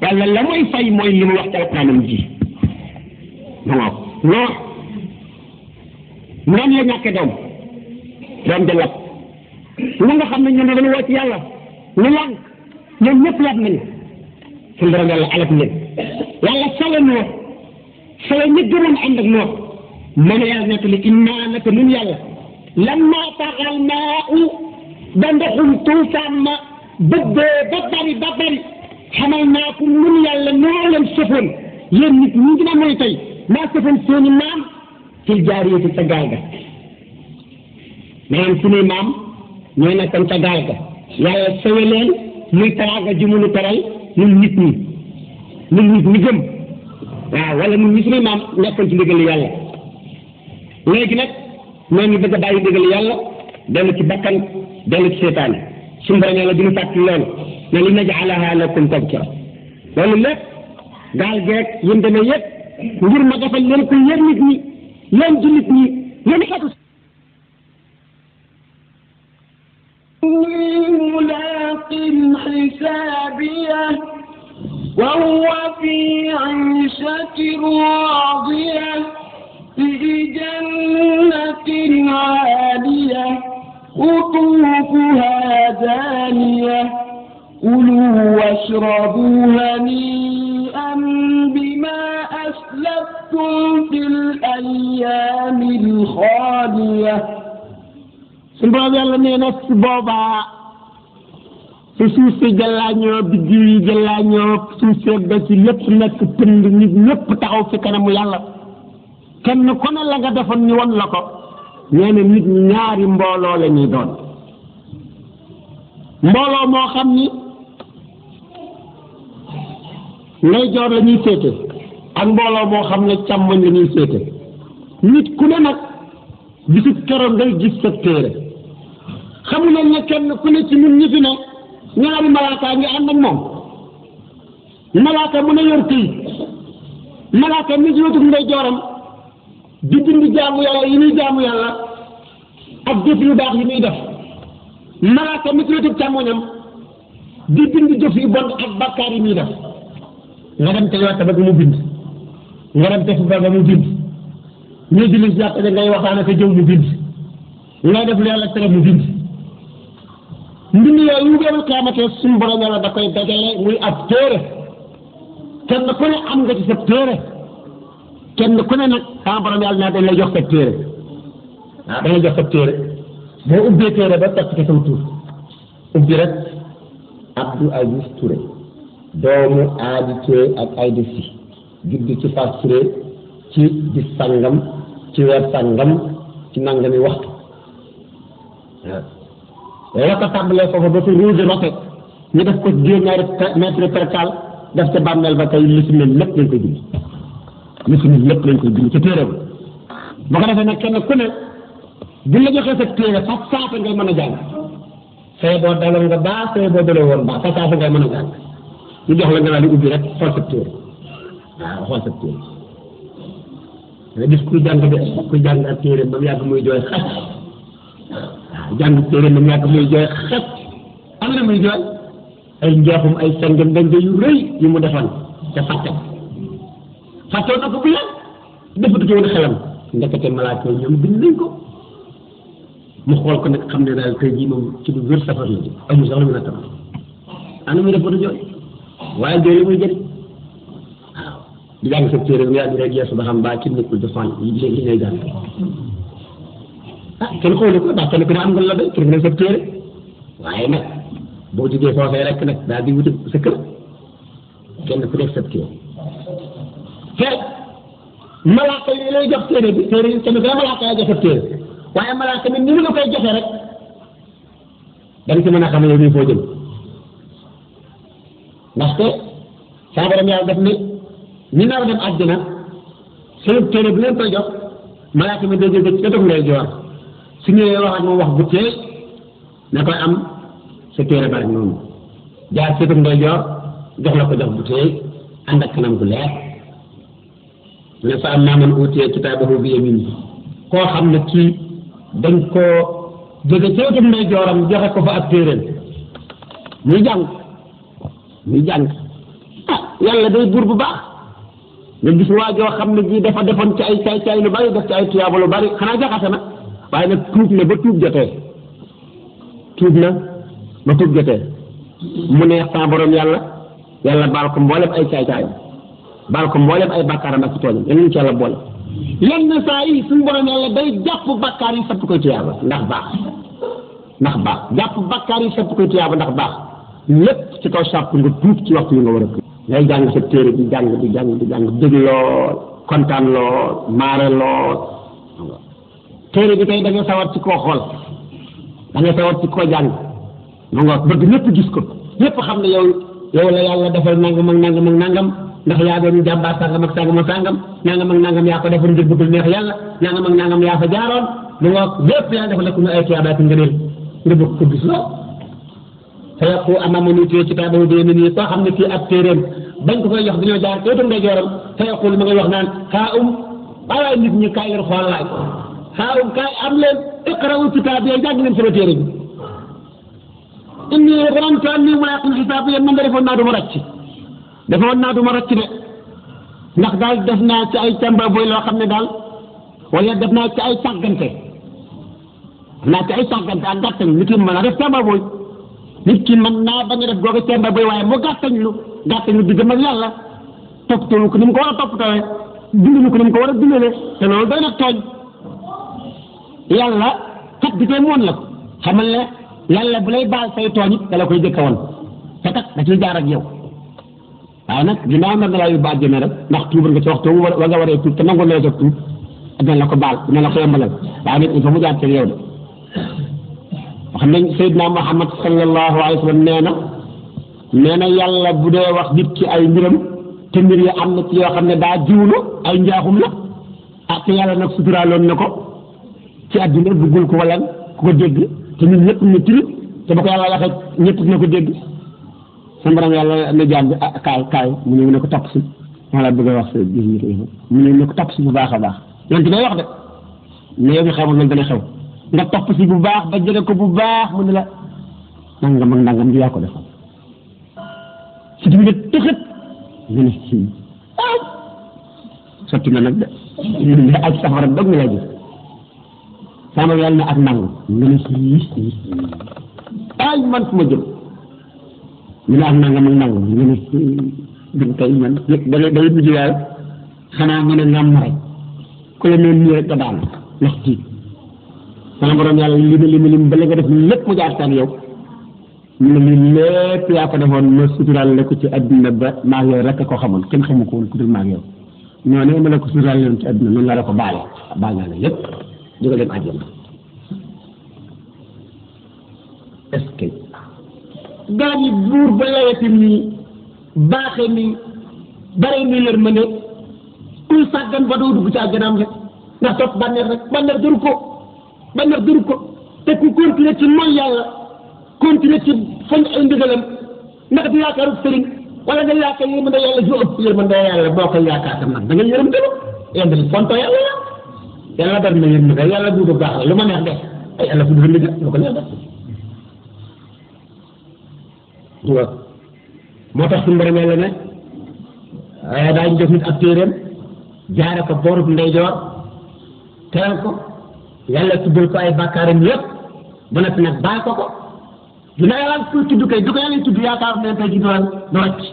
yàlla la muy fay mooy li mu wax ci alxuraanam ji waaw noo noonu la ñàkke doom doom de lab lu nga ne ñoom dañu woo ci ñu lànk ñoom ñëpp lab nañu suñu borom yàlla alab leen yàlla sale noo sale ak noo mën a yàlla nekk li innaa naka nun yàlla lammaa maa u ba ma bëggee ba bari xamal naa ko mun yàlla noo leen sëfoon yéen nit ñi dina mooy tey maa sëfoon seeni maam fil jaariyati ca gaal ga maanaam suñuy maam ñoo nekkoon ca ga yàlla sewe leen muy taraaga ji munu teral nit ñi ñun nit ñi gëm wala ñun ñi suñuy maam nekkoon ci ndigal yàlla léegi nag ñoo ngi bëgg a bàyyi ndigal yàlla dellu ci bakkan dellu ci seetaan suñu borom yàlla duñu fàttali loolu ولنجعلها لكم تذكرة loolu lépp gaal geeg yim demee yépp ngir ma defal leen ko yéen nit ñi yéen jullit ñi yéen xeetu ملاق حسابية وهو في عيشة راضية في جنة عالية قطوفها دانية كلوا واشربوا هنيئا بما أسلفتم في الأيام الخالية سبحان الله نينا سبوبا su suuf si jëllaañoo biddiw yi jëllaañoo suuf seeg ba si lépp nekk pënd nit ñëpp taxaw fi kanamu yàlla kenn ku ne la nga defoon ñu won la ko nee na nit ñi ñaari mbooloo la ñuy doon mbooloo moo xam ni ndeyjoor la ñuy féete ak mbooloo moo xam ne càmmoñ la ñuy nit ku ne nag bisu keroog ngay gis sa téere xamu leen ne kenn ku ne ci ñun ñi fi ne ñaari malaaka ngi ànd ak moom malaaka mu ne yor këyit malaaka mi ci wetu ndeyjooram di bind jaamu yàlla yi muy jaamu yàlla ak jëf yu baax yi muy def malaaka mi ci càmmoñam di bind jëf yu bon ak bàkkaar yi muy def nga dem ca yotta ba mu bind nga dem ca suba ba mu bind ñuy julli si jàkka ja ngay waxtaan ak jëw mu bind ngay def lu yàlla tere mu bind mbind yooyu yu gën a xaamatee suñu borom yàlla da koy dajale muy ab téere kenn ku ne am nga ci sa téere kenn ku ne nag sama borom yàlla naa dañ lay jox sa téere waaw dañ lay jox sa téere boo ubbee téere ba fekk ca saw tur ubbi rek Abdou Aziz Touré doomu aadi Ture ak Ayda Si judd ci Fass Ture ci bis sàngam ci weer sàngam ci nangami waxtu waaw la ko tàmbalee foofu ba fi ruuge rote ñu def ko deux mètres percal def ca bàmmeel ba tey lisimé lépp lañ koy bind lisimé lépp lañ koy bind ci téere ba ba ko defee nag kenn ku ne bu joxee sa téere fas saasa ngay mën a jàng fee boo nga baa fee boo woon baa fas saasa ngay mën a jàng ñu jox la nga daal di ubbi rek xool sa tur waaw xool sa tur gis ku jàng de ku jàng ak téere ba mu yàgg muy jooy xet waaw jàng téere ba mu yàgg muy jooy xet am na muy jooy ay njeexum ay sengem dañ yu rëy yu mu defoon te fàtte fàttewoon na ko bu yàgg defatu ko woon xelam ndekete malaaka ñoom bind nañ ko mu xool ko nag xam ne daal tey jii moom ci du wér safar amul sax lu mën a tax ana muy def ba du jooy waaye njëriñ muy jëriñ waaw di jàng sa téere nga yàgg rek geesu xam ah ne nga la doy téere waaye daal di wuti sa kër kenn ku nekk sa téere te malaaka yi lay jox téere bi téere yi kenn ku malaaka yi jox sa téere waaye malaaka mi ni mu la rek da nga ci mën a xam yow foo jëm ndaxte saa borom yàlla def ni ñu nar a dem àddina seen téere bu leen koy jox malaaka mi dégg dégg ca def ndey joor su ñëwee wax ak moom wax bu teey na koy am sa téere bari noonu jaar ca def ndey joor jox la ko jox bu teey ànd ak kanam gu leer ne fa am naa man uutiyee kitaabahu bi yamin koo xam ne kii dañ koo jóge ca def jooram joxe ko fa ak téeréen muy jàng ñu jàng ah, yàlla day buur bu baax nga gis waa joo xam ne ji dafa defoon ci ay caay caay lu bari def ci ay tuyaaba lu bari xanaa jaxase na waaye nag tuub na ba tuub jotee tuub na ba tuub jotee mu neex sa borom yàlla yàlla baal ko mboolem ay caay caay baal ko mboolem ay bàkkaaram ak tooñam ci yàlla boole yenn saa yi suñu borom yàlla day jàpp bàkkaar yi sapp koy tuyaaba ndax baax ndax baax jàpp bàkkaar yi sapp koy tuyaaba ndax baax lépp ci kaw sàpp nga duuf ci waxtu yi nga war a ngay jàng sa téere di jàng di jàng di jàng dëgg lool kontaan lool maare lool téere bi tey da nga sawar ci koo xool da nga sawar ci koo jàng ma nga bëgg ñëpp gis ko ñëpp xam ne yow yow la yàlla defal nangam ak nangam ak nangam ndax yaa doon jàmbaar sàngam ak sàngam ak sàngam nangam ak nangam yaa ko defal ngir bëgg neex yàlla nangam ak nangam yaa fa jaaroon ma nga lépp yaa defal ko ay tuyaaba ak ngëneel nga bëgg ko gis lool fayaqu amama nu tee kitaabahu bi yamini koo xam ne fii ab téeréem bañ ko koy jox dañoo jaar teetu ndeyjooram fayaqul ma ngay wax naan haa um waaye nit ñi kaay leen xool laaj haa um kaay am leen iqraw kitaab ya jàng leen sama téere bi inni rantu anni mulaqin kitaab ya man da defoon naa du ma ràcc defoon naa du ma ràcc de ndax daal def naa ci ay càmba boy loo xam ne daal wala def naa ci ay sàggante naa ci ay sàggante ak gàttañ nit yi mën a def càmba boy nit ki mën naa bañ a def googu càmbar bay waaye mu gàttañ lu gàttañ lu diggam ak yàlla toppatoo ko ni mu ko war a toppatoo dundinu ko ni mu ko war a dundale te loolu doy na tooñ yàlla kat bi moon mu woon la ko xamal ne yàlla bu lay baal say tooñ it dala koy jëkka woon te kat da ciy jaar ak yow waaye nag ginnaaw nag da laa yu baal jëmee rek ndax tuubal nga ci waxtu wa nga waree tuub te nangu nee sa tuub dina la ko baal dina la ko yombalal waaye nit mu jaar ci wax nañ Seydina Muhammad sallallahu alayhi wa sallam nee na nee na yàlla bu dee wax nit ci ay mbiram te am na yoo xam ne daa jiwlu ay njaaxum la ah te yàlla na ko ci àddina buggul ko wala ku ko dégg te ñun ñëpp ñu tiri te yàlla waxee ñëpp na ko bi ah kaay kaay mu ñëw ne ko topp si wala bëgg wax si mu bu baax a baax yonent day wax de mais yow mi xamul loolu xew. nga topp si bu baax ba jege ko bu baax mu ne la nangam nangam di yaa ko defal si bi nga tëxët nga ne si ah sotti na nag de mais ak safara dog mi lay gis sama yàlla nga ne ay man fu ma jëm ñu nga ne si man da ngay da nga ne ngam rek ku la noonu nii rek nga daal sama borom yàlla li ma lim lim ba la nga def lépp mu jaar saan yow mu ne lii lépp yaa ko defoon ma suturaal la ko ci adduna ba maa ngi yow rek a ko xamoon kenn xamu ko ku dul maa ngi yow noonu ma la ko suturaal leen ci adduna noonu laa la naa ba laweti nii baaxe nii bare nii leen ma ne ndax topp bànneex rek bànneex jëru ko bànneex dëru ko te ku continuer ci mooy yàlla continuer ci fañ ay ndigalam ndax di yaakaaru sëriñ wala nga da la na yërmande yàlla bu baax la lu ma neex def ay yàlla ko neex def moo tax suñu borom yàlla ne daañu def nit ab jaare ko boorub ndeyjoor teral ko yàlla tuddal ko ay bàkkaaram yëpp ba noppi nag baal ko ko du na yàlla ko tudd kay du ko yàlla tudd yaakaar ne tey ji doon do rëcc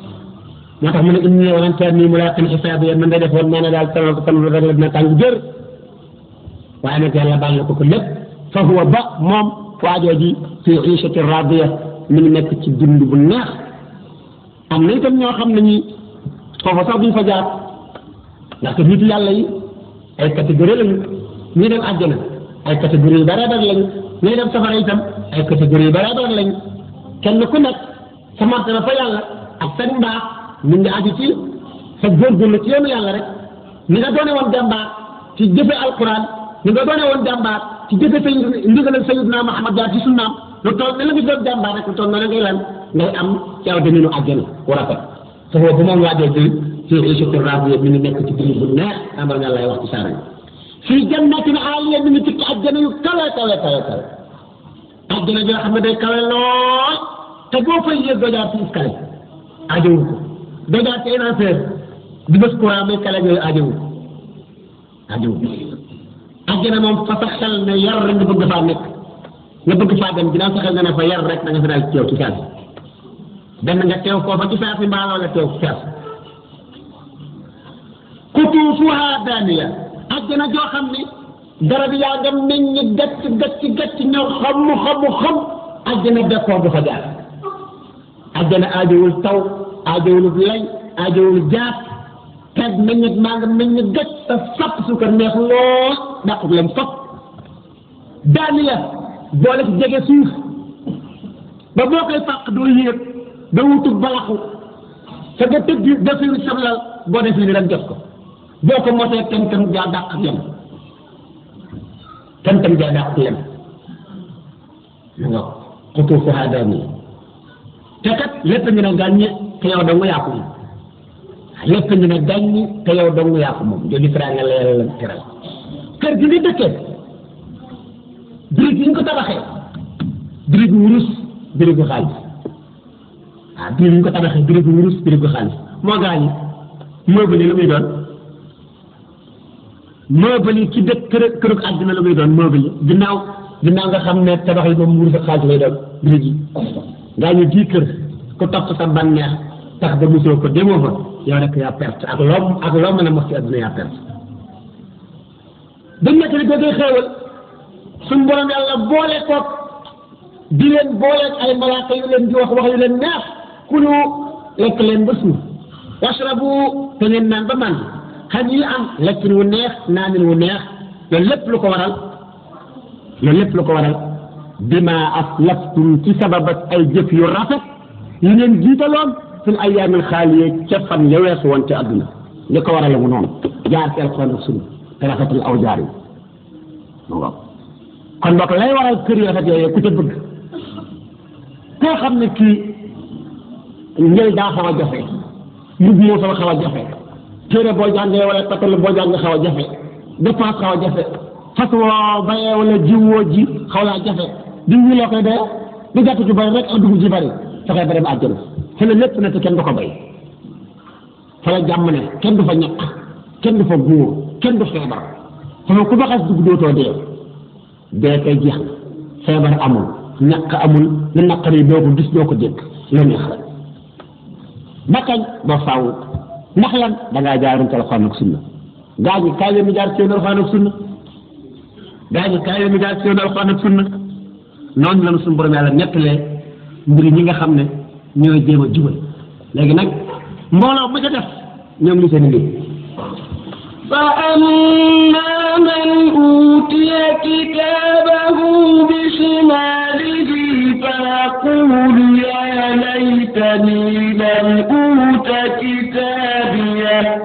moo tax mu ne inni walan taani mulaqin xisaabiya man day def woon nee na daal sama sama rek la dina tàng jër waaye nag yàlla baal na ko ko lépp fa huwa ba moom waajoo ji fi iishati raadiya mi ngi nekk ci dund bu neex am na itam ñoo xam ne ñi foofa sax duñ fa jaar ndaxte nit yàlla yi ay catégorie lañu ñuy dem àjjana ay catégorie yu bare bare lañu ñuy dem safara itam ay catégorie yu bare bare lañu kenn ku nekk sa martaba fa yàlla ak sa mbaax mu ngi aju ci sa góorgóorlu ci yoonu yàlla rek ni nga doone woon jàmbaar ci jëfe alquran ni nga doone woon jàmbaar ci jëfe sa ndigalal sayyidina Muhammad jaar ci sunnaam lu toll ne la nga doon jàmbaar rek lu toll ne la ngay lan ngay am ci aw deminu àjjana war a ko sa boobu moom waajoo ci ci échec rajo mi ngi nekk ci biir bu neex amal nga lay wax ci saara fii jannatin aaliya mi ngi ci àjjana yu kawe kawe kawe kawe àjjana bi nga xam ne day kawe lool te boo fay yéeg doo jaar ci iskale aajowul ko doo jaar ci ascenseur di bës courant muy kale yooyu aajowul ko aajowul ko àjjana moom fa sa xel ne yar rek nga bëgg faa nekk nga bëgg faa dem ginnaaw sa xel ne ne fa yar rek da nga fa daal teew ci saasi benn nga teew foofa ci saasi mbaaloo nga teew ci saasi kutuufuhaa daaniya àjjana joo xam ne garab yaa nga meññ gàtt gàtt gàtt ñëw xamu xamu xam àjjana bekkoor du fa jaar àjjana aajowul taw aajowul lay aajowul jaat xeet meññit maa nga meññ gàtt sa sap sukar neex lool dàqut lam fap daani la boole ci jege suuf ba boo koy fàq doo yéeg da wutub balaxu sa nga tëdd defiru sablal boo defee ni ren jot ko boo ko mosee tënkam jaa dàq yem tënkam jaa dàq yem mu nga xutu fu hada mi te kat lépp ngi ne gàññi te yow dong yaa ko moom lépp ngi ne gàññi te yow dong yaa ko moom joli fra nga la yàlla teral kër gi nga dëkkee birig ah lu muy doon meuble yi ci dëkk kër kërug àddina la muy doon meuble yi ne tabax yi moom mu sa xaalis lay doon birig yi ngaa ñu di kër ku topp sa bànneex tax ba mosoo ko demoo fa yow rek yaa perte ak loo ak loo mën a mos ci àddina yaa perte dañ nekk ni boole koog di boole ay malaaka yu leen di wax wax yu leen neex kulu lekk leen ba suur washrabu te ngeen naan ba màndi xaj yu am lekkin wu neex naanin wu neex loolu lépp lu ko waral loolu lépp lu ko waral bima aslaftum ci sababat ay jëf yu rafet yu ngeen jiitaloon fil ayaamin xaaliye ca fan ya weesu woon ci àdduna li ko waral mu noonu jaar ci alquran ak sunna te rafetal aw jaar yi waaw kon bokk lay waral kër yu rafet yooyu ku ca bëgg koo xam ne kii njël daa xaw a jafe mbub moo sama xaw a jafe téere boo jàngee wala a jafe dépense a jafe fas woo ji xaw laa jafe di ñu loo koy dee di gàtt ci ba àjjana lépp ne te kenn du ko bay fa la jàmm ne kenn du fa ñàkk kenn du fa góor kenn du feebar sama ku baxas dugg dootoo dee dee kay jeex na feebar amul ñàkk amul lu naqari doo gis doo ko dégg lu neex rek ba kañ ba faaw ndax lan da ngaa jaarul ci alquran ak sunna gaa ñi kaay leen jaar ci yoon alquran ak sunna gaa ñi kaay leen jaar ci yoon alquran ak sunna noonu la suñu borom yàlla nettalee mbir ñi nga xam ne ñooy jéem a jubal léegi nag mbooloo bu ca def ñoom li seen mbir فأما من أوتي كتابه بشماله فيقول يا ليتني لم أوت كتابيه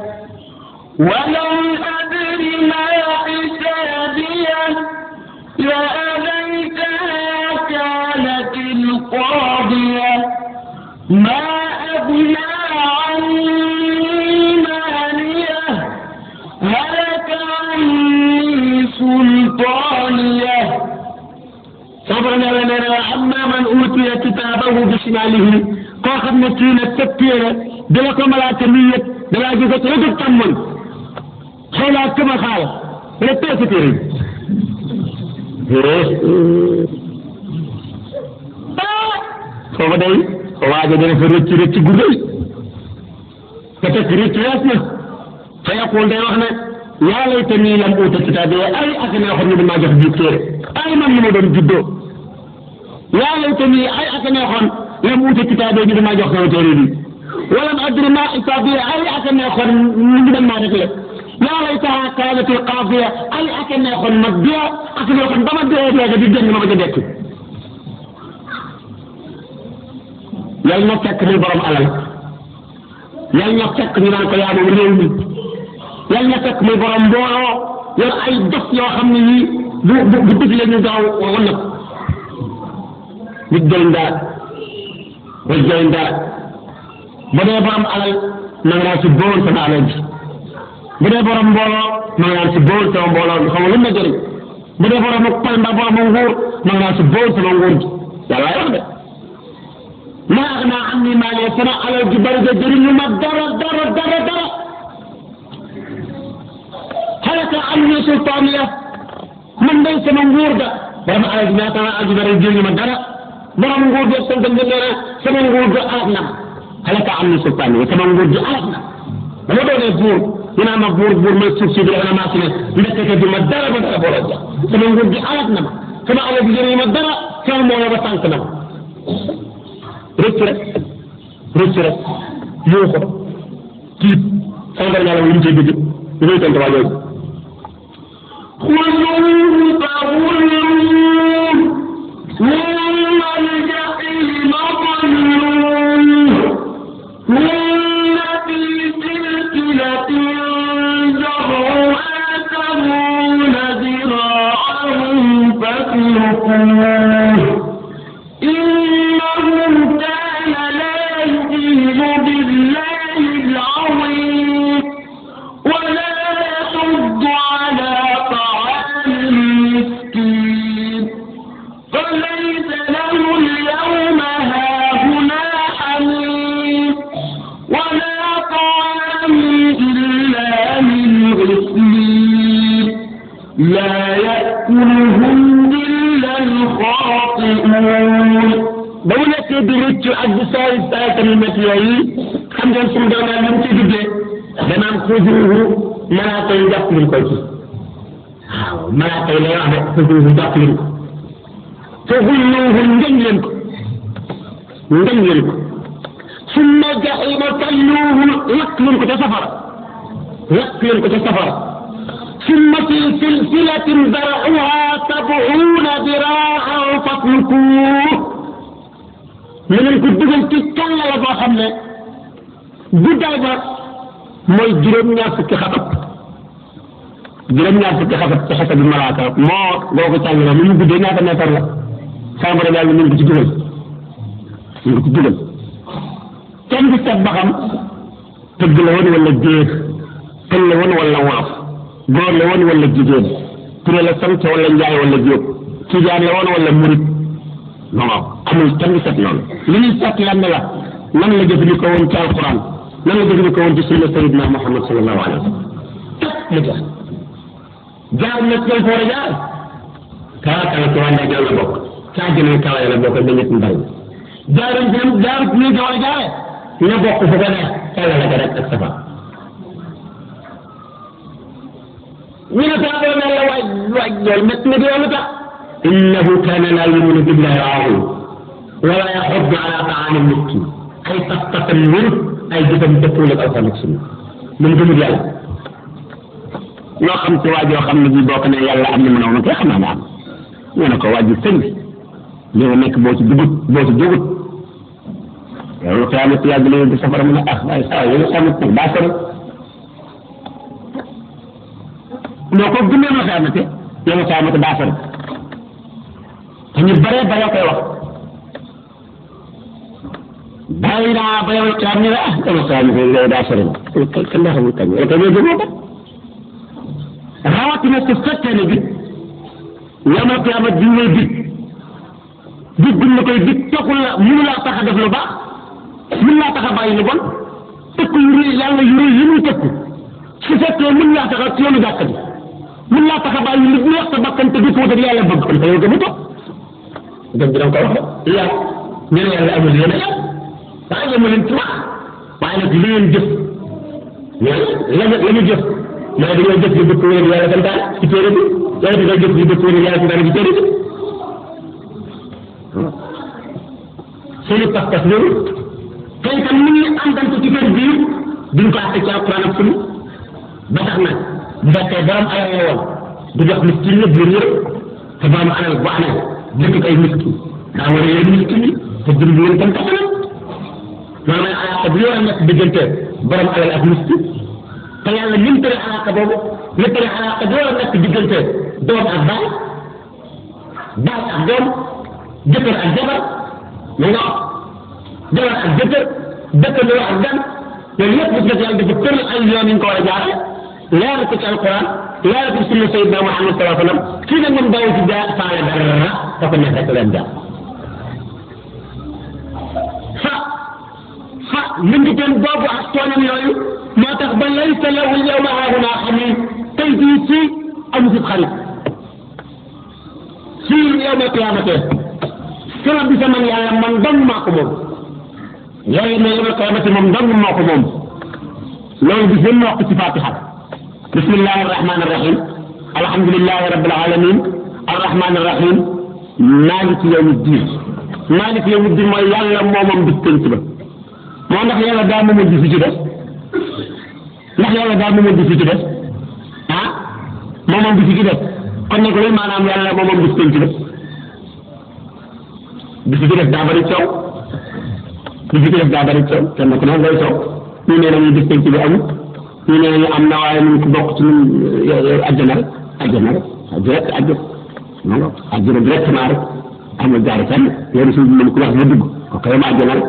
ولم أدر ما حسابيه يا ليتها كانت القاضية ما yalqaahu bi shimaalihi koo xam ne kii nag teg téere dala ko malaaka mi yëg dalaa gis ak rëgëb tàmmoñ xëy laa këma foofa day waaja dana fa rëcc rëcc gu rëy te teg rëcc fa yaqul day wax ne yaa laytanii lam uuta kitaabiya ay ak naa xam ne damaa jox biir ay man li ma doon yaa laytani ay aka neexoon lam uute kitaabee ñu damaa jox sama téere bi walam adri ma xisaabiya ay aka neexoon ñu ngi dem maa rek la yaa laytaha kaanatil qaafiya ay aka neexoon ma dee ak neexoon ba ma dee dee di génn ma ma ca dekk yal na fekk muy borom alal yal na fekk ñu naan ko yaa moom réew mi yal na fekk muy borom mbooloo yor ay dof yoo xam ne yii bu bu bu diglee ñu gaaw wala liggéeyindaat liggéeyindaat bu dee borom ma jëriñ sama alal ji bari de ma dara halaka anni sultaaniya man day sama nguur ga alal ji maa sama ma dara. borom nguur gi ak sa dëgg nee na sama nguur gi alak na alaka am na sultaan yi sama nguur gi alak na ba ma doonee buur ñu naan ma buur buur ma suuf si bi dafa na maa si ne ndekete bi ma dara ba dara boole ja sama nguur gi alak na ma sama alal gi jëriñ ma dara sama moo ba tànk na ma rëcc rek rëcc rek yoo ko tiit sama borom yàlla mu ciy dugg ñu koy tontu waa jooju. Allah. خاطئون ba mu nekkee di rëccu ak di saay saay tamit métti yooyu xam ngeen suñu doonaa lu mu ci duggee danaan xujuruhu malaaka yi jàpp leen koy ci waaw malaaka yi lay wax de xujuruhu jàpp leen ko te xulluhu ngëñ leen ko ngëñ leen ko summa jaxima talluhu lakk leen ko ca safara lakk leen ko ca safara ثم في سلسلة ذرعها سبعون ذراعا فاتركوه من الكدوم تتكلم يا ابو حمله بدابا موي جيروم نياف كي خطب جيروم نياف كي خطب في حسب الملاكا ما لوكو تاغي من بدي نياف نفر لا سامر يا من بدي جيروم من الكدوم كان بيتبخم تجلون ولا جيخ تجلون ولا واف góor la woon wala jigéen ture la sant wala njaay wala jóob tijaan la woon wala murit non non amul kenn set loolu li ñuy set lenn la lan la jëfandikoo woon ci alquran lan la jëfandikoo woon ci sunna sayidna muhammad salallahu alayhi wa sallam mu tax jaar na ci fa war a jaar kaa kaa ci wànda jël la bokk kaa jëlee kaa la bokk ba ñëpp mbay jaaruñ ci jaar ci ni jaare jaare na bokk fu ko neex kaa la la rek ak sabab من تابع من الوجل مثل ديالك إنه كان لا يؤمن بما يراه ولا يحض على طعام المسكين أي تستقل منه أي جدا تقول لك أفضل مسكين من دون ديالك لا خمس واجي وخمس دي بوكنا يلا أمن من أولك يا خمان عم ونك واجي سنك لو نك بوش دبوت بوش دبوت لو كانت يا دليل بسفر من الأخبار سوا يلو خمس دي باسر loo ko gëmee ma xaamate yow ma xaamate daa sori te ñu bëree bëree koy wax bàyyi naa ba yow xaam ñu ne ah yow ma xaamate yow daa sori ma kenn daa xamul kañ la te ñoo gëmoo ko rawatina su fekkee ne bit yow ma xaamate bi ngay bit bit bi la koy bit taxul la mënu laa tax a def lu baax mënu laa tax a bàyyi lu bon tëkku yu rëy yàlla yu rëy yi muy tëkku su fekkee mën laa tax a ci yoonu jàkk bi mën laa tax a bàyyi li ñu wax sa bakkan te du ko wut ak yàlla bëgg kon yow gëmu ko gëm gi da nga ko wax de yàlla ñu ne yàlla amul yéen a yàlla waaye yemu leen ci wax waaye nag li ngeen jëf la la ñu jëf mooy dañoo jëf li dëkk wér yàlla santaan ci téere bi yàlla dañoo jëf li dëkk wér yàlla santaan ci téere bi seeni pas-pas loolu te itam ni ñuy àndante ci kër bii duñ ko àtte ci alquran ak sunna ba tax nag bu fekkee borom alal la woon du jox miskin la jur yëpp te borom alal bu amee dëkk ay miskin daa war a yéen miskin yi te jur yëpp tam tax na loolu mooy alaaka bu yore nekk diggante borom alal ak miskin te yàlla lim tëri alaaka boobu li tëri alaaka bu yore nekk diggante doom ak baay baay ak doom jëkkër ak jabar nga jabar ak jëkkër dëkkandoo ak gan loolu yëpp bu fekkee yàlla dafa tëral ay yoon yi ñu ko war a jaarale leer ko ci alquran leer ko sunna sayyidina muhammad sallallahu alaihi wasallam ki ne moom daw ci da faale dara fa ko neex rek leen jàpp fa fa lëngiteen boobu ak toonam yooyu moo tax ba laysa lahu yawma haahuna xamim tey jii ci amu fi xarit ci yawma qiyamate sama bisa man yàlla man dong maa ko moom yooyu ne yawma qiyamate moom dong maa ko moom loolu bi gën wax ci fatiha بسم الله الرحمن الرحيم الحمد لله رب العالمين الرحمن الرحيم مالك يوم الدين مالك يوم الدين ما يلا مومم بالتنتبه ما نخ يلا دام مومم دي فيجي بس نخ يلا دام مومم دي فيجي بس ها مومم دي فيجي بس كون نكو لي مانام يلا مومم بالتنتبه دي فيجي بس دابا ري تيو دي فيجي بس دابا ري تيو كان نكو نغاي تيو ني نانا ني ñu ne am na waaye mu ngi bokk ci ñun euh, àjjana rek àjjana rek direct àjjana non non àjjana directement rek amul jaar fenn yéen suñu mën ku wax nga dugg ko kay ma àjjana rek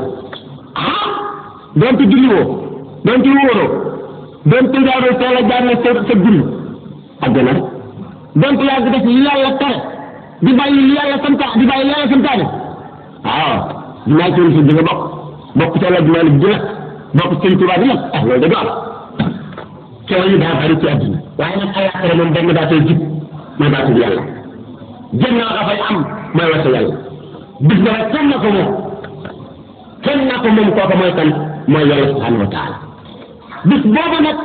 ah donte julli woo donte wóoroo donte jaaroo teel a jaar na sa sa julli àjjana rek donte yaa ngi def li yàlla tere di bàyyi li yàlla santa di bàyyi li yàlla santaane waaw dinaa ci woon si di nga bokk bokk ci àll bi ma la gën a bokk ci sëñ tubaab bi nag ah loolu dëgg la coow yi daa bari ci àddina waaye nag alaxira moom benn baatee jib mooy baatu yàlla jannaa ka fay am mooy wasa yàlla bis ba rek kenn na ko moom kenn na ko moom kooka mooy kan mooy yàlla subhanahu wa taala bis boobu nag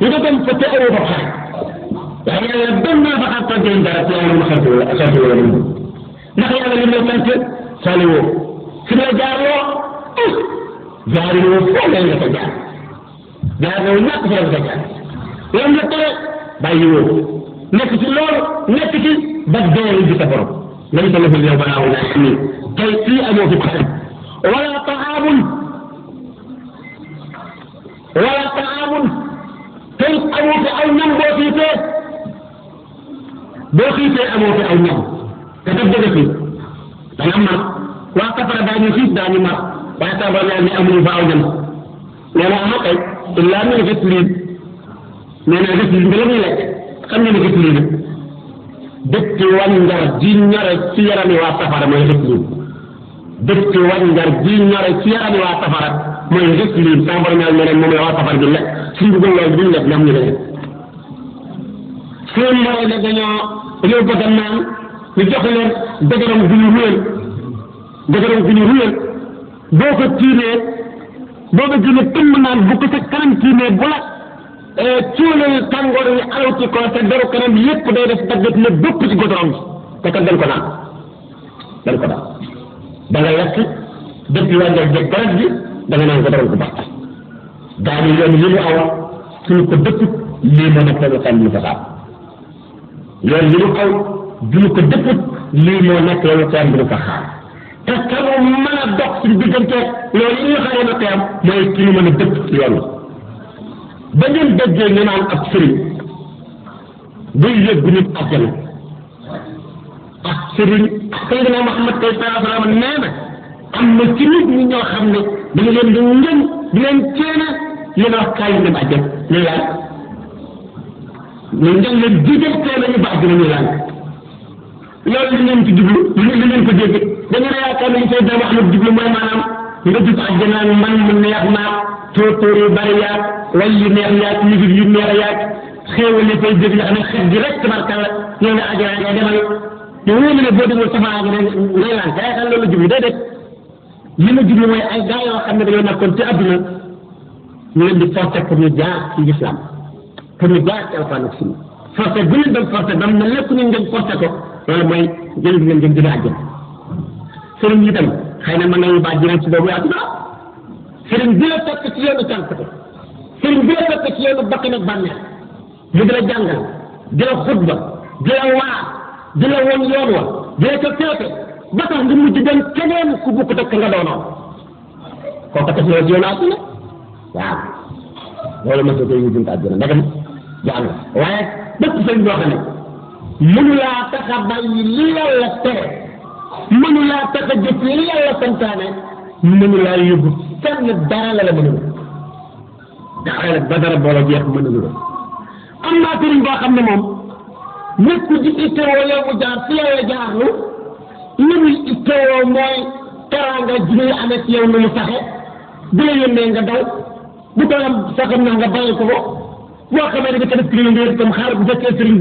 nga dem fa te awu ba xar waaye yàlla dem naa ba xar tontu dara ci yàlla ma xartu wala xartu wala mu ndax yàlla li mu la sant sali woo fi la jaaroo jaari woo foo nga ko jaar jaar woo ñàkk fa la ko jaar loolu lépp la bàyyi woo nekk ci loolu nekk ci ba dee bi sa borom nañ ko lefal yow balaa wala xam ni tey fii amoo fi xasam wala taamun wala taamun tey amoo fi aw ñam boo xiitee boo xiitee amoo fi aw ñam te daf dëgg fi da nga mar waa kafara daañu xiit daañu mar waaye sa borom yàlla ne amuñu fa aw ñam nee na ama kay illaa min gislin maanaam gis nañ la muy lekk xam nga ne gis nañ nag dëkk wàññar ji ñore ci waa safara mooy gis nañ dëkk wàññar ji ñore ci yarami waa safara mooy gis nañ sama borom yàlla ne moom la waa safara du lekk suñ bëgg loolu duñ lekk ndax ñu lekk seen mooy ne dañoo réew ba gannaaw ñu jox leen dëgëram bu ñu ruyal dëgëram bu ñu ruyal boo ko tiimee boo ko tiimee tëmb naan bu ko sa kanam tiimee bu lakk Eh, cuunayu tàngoor ñu alaw ko te deru kanam yépp day def daggat ne bëpp ci goudron bi te kat dañ ko naan dañ ko da nga lekk depuis wàññil jëg garab baax daañu yoon yi ñu aw suñu ko dëpp lii moo nekk la tàmbali fasaad yoon yi ñu aw lii moo nekk la tàmbali fasaad te kamu dox suñu diggante loolu yi ñu xaree mooy ki ñu mën a yoon ba ngeen déggee ñu naan ab sëriñ day yóbbu nit àjjana ak sëriñ sayyidina Muhammad kay sallallahu alayhi wa sallam nee na am na ci nit ñi ñoo xam ne dañu leen di ngëm di leen ceena yéen wax kaay dem àjjana ñu laaj ñu ngeen leen jiital ceena ñu baax dina ñu laaj loolu li ngeen ci jublu li ngeen ko dégg dañu ne yaakaar ne sayyidina Muhammad jublu mooy maanaam nga jub àjjana man mu neex naa tóotóor yu bari yaag way yu neex yaag musique yu neex yaag xéewal yi fay déglu ana xet gi rek tabarka la ñëw na ajara ngay demal yow wóor na ne boo demul safara gi rek ngay laan gaa xam loolu jublu déedéet li ma jublu mooy ay gaa yoo xam ne dañoo nekkoon ci àdduna ñu leen di forcé pour ñu jaar ci l'islam pour ñu jaar ci alquran ak sunna forcé bu leen doon forcé ba mu ne lépp ñu ngeen forcé ko loolu mooy jël bi ngeen ngeen jëlee àjjana sëriñ yi tam xëy na mën nañu baat jëlee ci boobu yaatu naa sëriñ bi la tekk ci yoonu cànkate sëriñ bi la fekk ci yoonu bakkan ak bànneex mu di la jàngal di la xutba di la waar di la won yoon wa di la ca féete ba tax nga mujj dem keneen ku bukk tak nga doonoon kooka tax loolu yoonu àdduna waaw loolu ma sa koy ñu jënt àdduna ndagam jàng waaye bépp sëriñ boo xam ne mënu laa tax a bàyyi li yàlla tere mënu laa tax a jëf li yàlla santaane mënu laa yóbbu fenn dara la la mënul daxee ba dara boole jeex mën a lu am naa sëriñ boo xam ne moom ñëpp yow mu jaar si yow la jaarlu li muy itteewoo mooy teraanga ji ngay amee si yow nu saxe bu la yónnee nga daw bu ko am saxam na nga bàyyi ko ko boo xamee ne dafa def nga yëg tam xaar bu fekkee sëriñ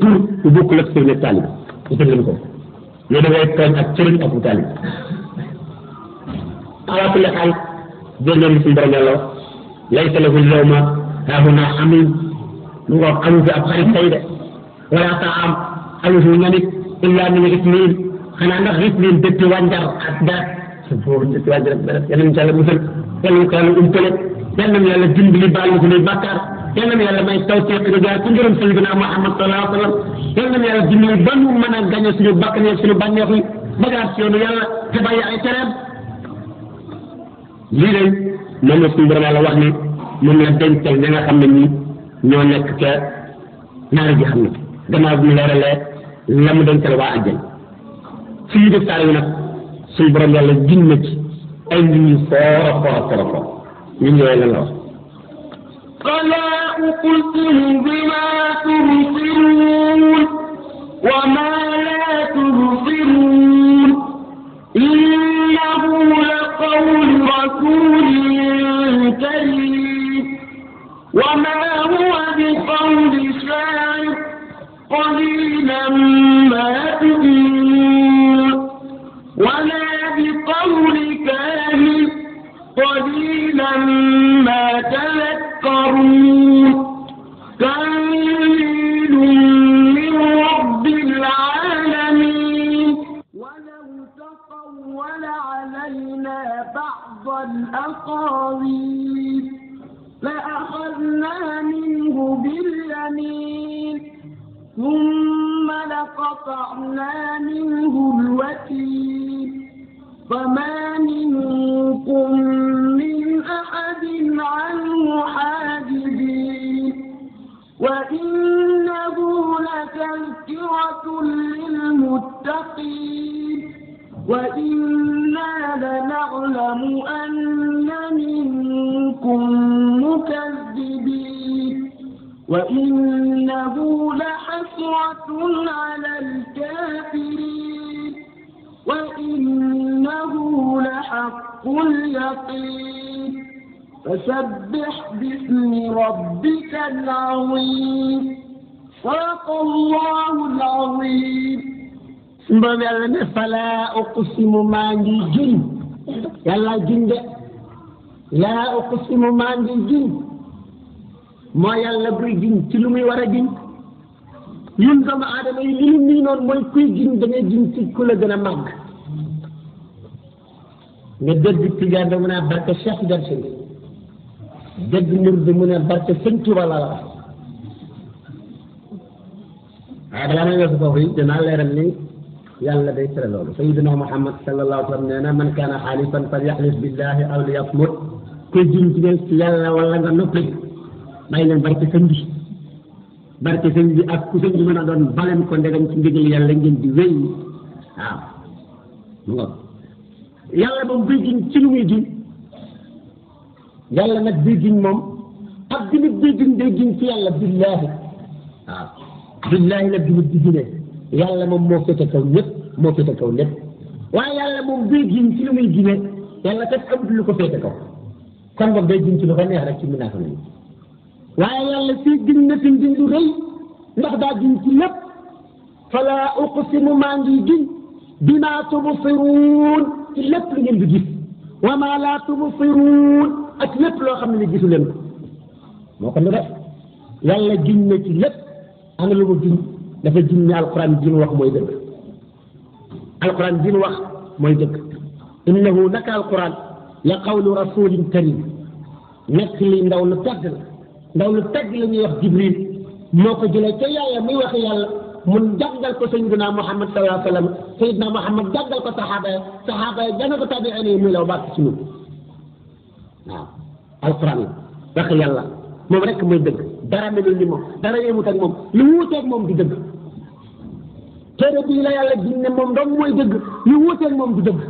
tur bu bokkul ak sëriñ taalib wutal leen ko yow da ngay tooñ ak sëriñ ak génnoon suñu borom yàlla laysa lahu lyawma haahuna xamim mu ngoog amu fi ab xarit tey de wala taam amu fi ñanit illa min ismiin xanaa ndax ismiin dëpp wànjar ak daat foofu dëpp wànjar ak daat yàlla incha allah musal yàlla ko yàlla umpale yàlla na yàlla dimbali baal ñu suñuy bàkkaar yàlla na yàlla may tawfiq ñu jaar ci ngërëm sayyidina Muhammad sallallahu alayhi wa sallam yàlla na yàlla dimbali ba ñu mën a gañe suñu bakkan yeeg suñu bànneex yi bagaas yoonu yàlla te bàyyi ay tereem lii leen moom la suñu borom yàlla wax ne moom la dencal ña nga xam ne nii ñoo nekk ca naari ji xam ne gannaaw bi mu leeralee la mu dencal waa àjjana su ñu def saar yi nag suñu borom yàlla gin na ci ay nit ñu foora foora foora foora ñun yooyu lan la wax فلا أقسم بما تبصرون وما لا تبصرون إنه لقول قول رسول كريم وما هو بقول شاعر قليلا ما تؤمنون ولا بقول كاهن قليلا ما تؤمنون وقطعنا منه الوتين فما منكم من أحد عنه حاجزين وإنه لتذكرة للمتقين وإنا لنعلم أن وإنه لحسرة على الكافرين وإنه لحق اليقين فسبح باسم ربك العظيم صدق الله العظيم mbaɓe allah فلا أقسم ما ma يلا jin لا أقسم ما oqsimu moo yàlla buy jiñ ci lu muy war a jiñ ñun doomu aadama yi li ñu nii noonu mooy kuy jiñ da ku la gën a màgg nga dégg tijaan da mun a barke Cheikh Garci dégg mur mun a barke sëñ la la waaye balaa may weesu foofu yi danaa leeral ni yàlla day tere loolu sayyidina Muhammad sallallahu alayhi wa sallam aw liyasmut kuy jiñ ci yàlla nga noppi bàyyi leen barke sëñ bi barke sëñ bi ak ku sëñ bi mën a doon balen ko ndegam ci ndigal yàlla ngeen di wéy waaw mu ngoog yàlla moom buy giñ ci lu muy giñ yàlla nag buy giñ moom ab jullit buy giñ day giñ ci yàlla billaahi waaw billaahi la jullit di ginee yàlla moom moo féete kaw ñëpp moo féete kaw ñëpp waaye yàlla moom buy giñ ci lu muy ginee yàlla kat amut lu ko féete kaw kon boog day giñ ci lu ko neex rek ci munaafa nañu waaye yàlla fii giñ na fi giñ du rëy ndax daa giñ ci lépp fala uqsimu maa ngi giñ bima tubsiruun ci lépp lu ngeen di gis wa ma la tubsiruun ak lépp loo xam ne ni gisu leen ko moo ko ne def yàlla giñ na ci lépp ana lu mu giñ dafa giñ ne alquran ji mu wax mooy dëgg alquran ji mu wax mooy dëgg innahu naka alquran la qawlu rasulin karim nekk li ndaw lu tedd la ndaw lu teg la ñuy wax jibril moo ko jëlee ca yaayam muy wax yàlla mu jàngal ko sayyidina muhammad sallallahu alayhi wa sallam sayyidina muhammad jàngal ko saxaaba ya saxaaba ya jàng ko tabi'in yi muy law bàkk ci ñun waaw alquran la wax yàlla moom rek mooy dëgg dara melul ni moom dara yemut ak moom lu wuuteeg moom du dëgg téere bii la yàlla gis ne moom dong mooy dëgg lu wuuteeg moom du dëgg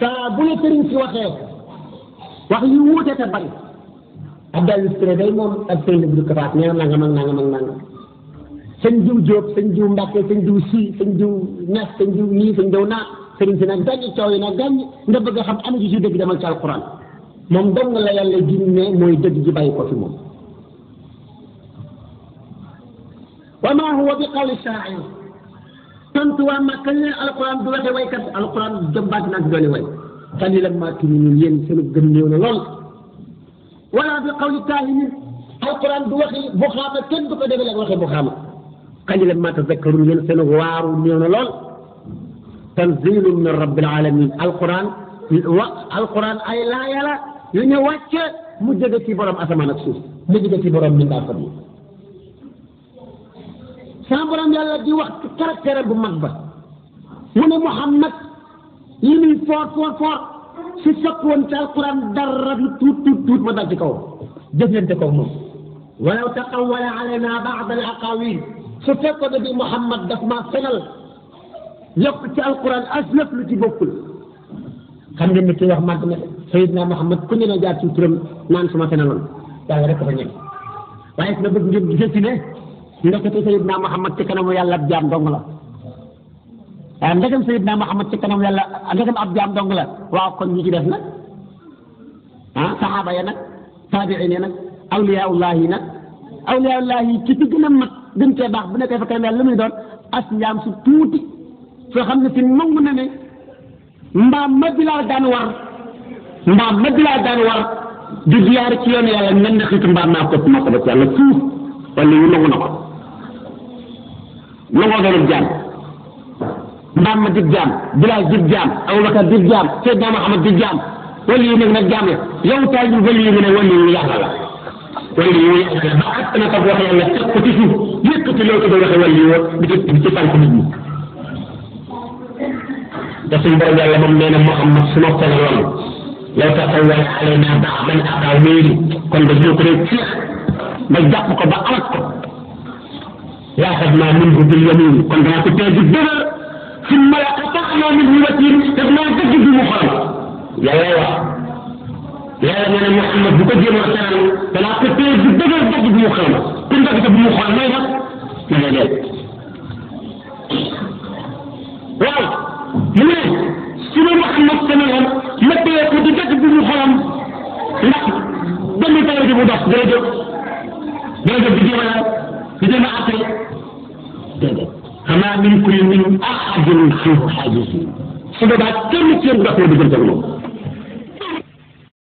saa bu la sëriñ si waxee wax yu wuute te bari ak dellu mom, day moom ak sëñ Abdou Kafaat nee nangam ak nangam ak nangam sëñ diw Diop sëñ diw Mbàkke sëñ diw si sëñ diw Ñas sëñ diw nii sëñ diw naa sëriñ si nag gàññ coow yi nag gàññ nga bëgg a xam ana ji si dëgg demal ci alquran moom dong la yàlla gin ne mooy dëgg ji bàyyi fi moom wa huwa bi qawli shaa'ir tontu waa Màkka alquran du waxe waykat alquran jëmbaat nag doole way xalilan maa tu'minuun yéen seen gëm néew na lool ولا بقول التاهم القران بوخي بخامه كن دوكو ديبل وخي بخامه قليل ما تذكرون من سن وارو نيون لول تنزيل من رب العالمين القران القران اي لا يلا يني واتش مجد في برم اسمان السوس مجد في برم من داخل سلام برم يلا دي وقت كاركتر بمكبه من محمد يمين فور فور فور su soppi woon ci alquran dara lu tuut tuut tuut ma dal ci kaw jëflante ko moom walaw taqawwala alayna ba'd al aqawil su fekkoon ne bi Muhammad daf maa fenal yokk ci alquran as lëf lu ci bokkul xam ngeen ni ki wax màgg na Seydina Muhammad ku ñu la jaar ci turam naan suma fenaloon yàlla rek ko fa ñëw waaye su ma bëgg ngeen gisee si ne ndekete Seydina Muhammad ci kanamu yàlla jaam dong la. waaye ndegam Seydina Muhammad ci kanam yàlla ndegam ab jaam dong la waaw kon ñi ci def nag ah saxaaba ya nag taabiin awliyaullah yi nag awliyaullah yi ci ci gën a mat baax bu nekkee fa kanam yàlla lu muy doon as njaam su tuuti soo xam ne si nangu na ne mbaam ma bilaal daan war mbaam ma bilaal daan war di jaar ci yoon yàlla mel na xiitu mbaam naa ko maa ko ba ci yàlla suuf wala yu nangu na ko nangoo gën a jaam bamba dib jaam bilal dib jaam abubakar dib jaam seydna mahamad dib jaam wali yu nag nag jaam la yow taal bi wali yu ne wali yu yàlla la wali yu yàlla ba at na ko wax yàlla teg ko ci suuf yëkkati loo ko doon waxee wali yu di ci di ci sànq nit ñi te suñu borom yàlla moom nee na Muhammad su ma ko loolu yow tasawwal alayna ba'dan aqawili kon da ko dee fiix ba jàpp ko ba alat ko yaaxat naa min bu bil yamin kon danaa ko tee di dëgër ثم لقطعنا من هبته فما تجد مخالف يا يا يا يا محمد بقد يا مرسان فلا تتجد بدل تجد مخالف كنت تكتب مخالف ماذا لا واو من سنة محمد سنة متى يكون تجد مخالف لا دمي تاريخ بوداس درجة درجة بجيبنا بجيبنا عقل درجة فما منكم من احد في حاجزين سبب عتم يربح وبدل تقولون